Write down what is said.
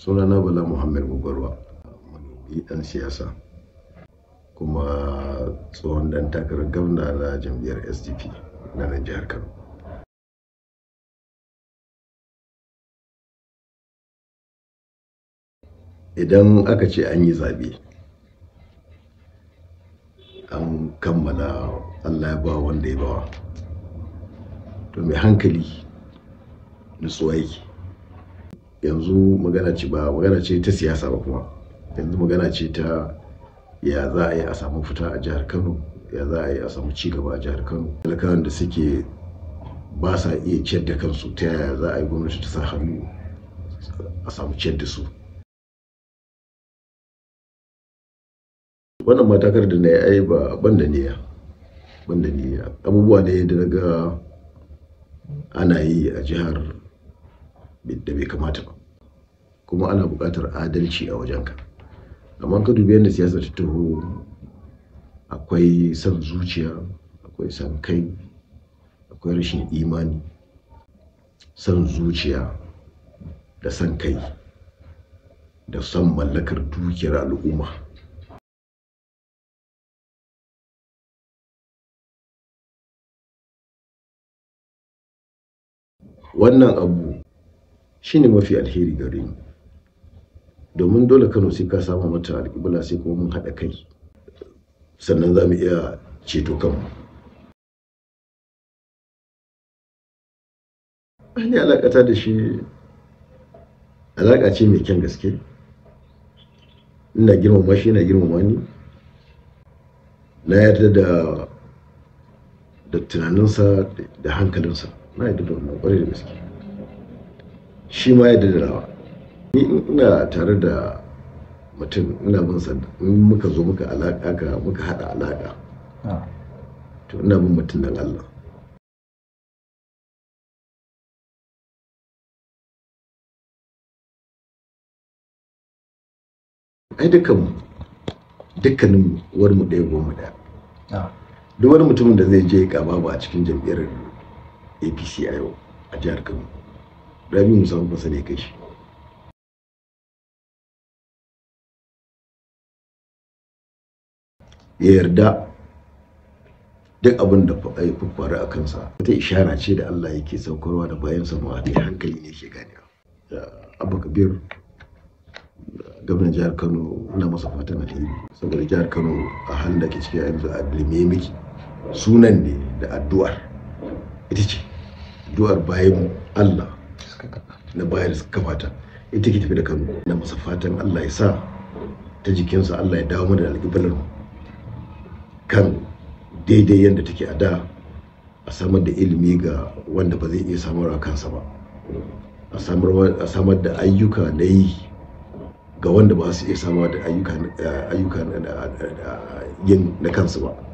sunana bala muhammad gugarwa manomi dan siyasa kuma tsohon dan takarar gwamna na jam'iyyar sdp na nan jihar kano idan aka ce an yi zaɓe an kammala allah ya ba wanda ya bawa to mai hankali nutsuwa yake yanzu magana ce ba magana ce ta siyasa ba kuma yanzu magana ce ta ya za a yi a samu fita a jihar kano ya za a yi a samu cigaba a jihar kano talakawan da suke ba sa iya ciyar da kansu ta yaya za a yi gwamnati ta sa hannu a samu ciyar da su wannan matakar da na yi ba banda niyya banda niyya abubuwa ne da na ga ana yi a jihar da bai kamata ba kuma ana buƙatar adalci a wajenka amma ka dubi yadda siyasa ta taho akwai san zuciya akwai son kai akwai rashin imani san zuciya da san kai da son mallakar dukiyar al'umma wannan abu shi ne mafi alheri gare ni domin dole kano sai ka samu mata alƙibla sai kuma mun haɗa kai sannan za mu iya ceto kanmu ne alaƙata da shi alaƙa ce mai kyan gaske ina girmama shi ina girmama ni na yarda da da tunaninsa da hankalinsa na yarda da wannan ƙwarai da gaske shi ma yadda da nawa ni ina tare da mutum ina bin sa in muka zo muka alaka ka muka hada alaka ah. to ina bin mutum dan Allah ai dukkanmu dukkanin war mu ɗaya goma ɗaya ah. duk wani mutumin da zai je ka babu a cikin jam'iyyar apc a yau a jihar kano rabi musa fasa ne kai shi ya yarda duk abin da ya faru a kansa wata ishara ce da Allah yake saukarwa da bayan sama da hankali ne ke ganewa abu kabir gwamnan jihar kano na masa fatan alheri saboda jihar kano a halin da ke ciki yanzu a lime miki sunan ne da addu'ar ita ce addu'ar bayan Allah suka na baya da suka gabata ita ke tafi da kanu. na masa fatan allah ya sa ta jikinsa allah ya dawo mana da alƙibalar kan daidai yadda take a da a samar da ilimi ga wanda ba zai iya samarwa kansa ba a samar da ayyuka na yi ga wanda ba su iya samarwa da ayyuka eh, yin na kansu ba